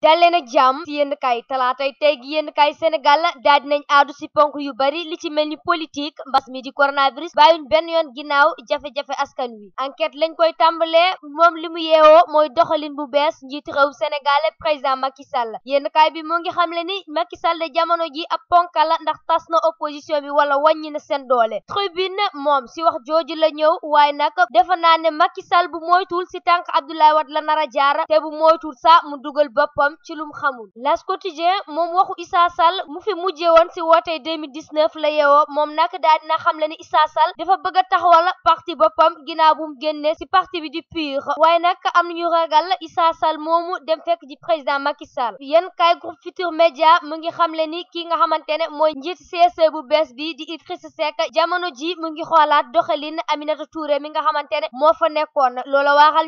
dal leen ak jàmm ci yenn kaay talaatay tey gi yenn kaay Sénégal daal dinañ aadu si ponk yu bari li ci mel ni politique mbas mi di coronavirus bàyyuñ benn yoon ginnaaw jafe-jafe askan wi enquête lañ koy tàmbalee moom li mu yeewoo mooy doxalin bu bees njiitu réew Sénégal président Macky Sall yenn kaay bi moo ngi xamle ni Macky Sall de jamono ji ab la ndax tas na opposition bi wala wàññi na seen doole tribune moom si wax jooju la ñëw waaye nag defe naa ne Macky Sall bu moytuwul si tànk Abdoulaye Wade la nar a jaar te sa mu dugal boppam xam ci lum xamul las quotidien moom waxu Issa Sall mu fi mujje woon si wootee la yeewoo moom nag daa dina xam le ni Issa Sall dafa bëgg a taxawal parti boppam ginnaaw bu mu génnee si parti bi di PUR waaye nag am na ñu ragal Issa Sall moomu dem fekk ji président Macky Sall yéen kaay groupe Futur Média mu ngi xam le ni ki nga xamante ne mooy njiit CESE bu bees bi di Idrissa Seck jamono ji mu ngi xoolaat doxalin Aminata Touré mi nga xamante ne moo fa nekkoon loola waaxal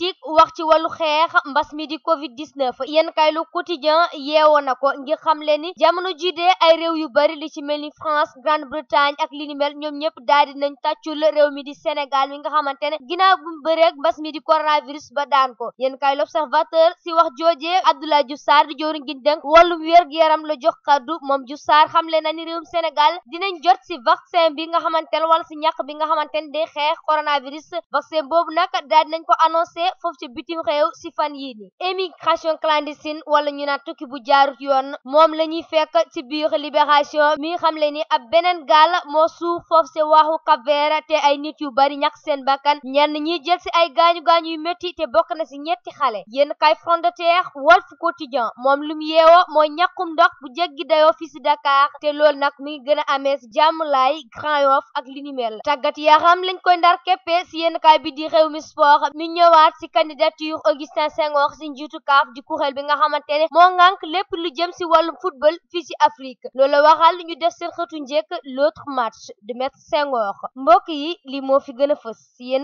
politique wax ci wàllu xeex mbas mi di covid 19 yéen kay lu quotidien yeewoo ko ngir xam le ni jamono ji dee ay réew yu bari li ci mel ni France Grande-Bretagne ak li ni mel ñoom ñëpp daal di nañ tàccul réew mi di Sénégal mi nga xamante ne ginnaaw bu mu bëreeg mbas mi di coronavirus ba daan ko yéen kay l'observateur si wax joojee Abdoulaye Diouf saar di jooru ngi dënk wàllum wér-gu-yaram la jox kaddu moom Diouf Sarr xamle na réew réewum Sénégal dinañ jot si vaccin bi nga xamante ne wala si ñàkk bi nga xamante foofu ci bitim réew si fan yii ni émigration clandestine wala ñu naan tukki bu jaarut yoon moom la ñuy fekk ci biir libération mi xam le ni ab beneen gaal moo suuf foofu si waaxu Cap Vert te ay nit yu bari ñàkk seen bakkan ñenn ñiy jël si ay gaañu gaañu yu metti te bokk na si ñetti xale yenn kay Front de Terre Walf Quotidien moom lu mu yeewoo mooy ñakkum ndox bu jéggi dayoo fii si Dakar te lool nag mi ngi gën a amee si jàmmulaay Grand Yoff ak li ni mel tàggat si candidature Augustin Senghor si njiitu kaaf di kuréel bi nga xamantene mo ngank lepp lu jëm ci football fi ci Afrique loolu waxal ñu def tunjek l'autre match de mettre Senghor mbokk yi li mo fi gën si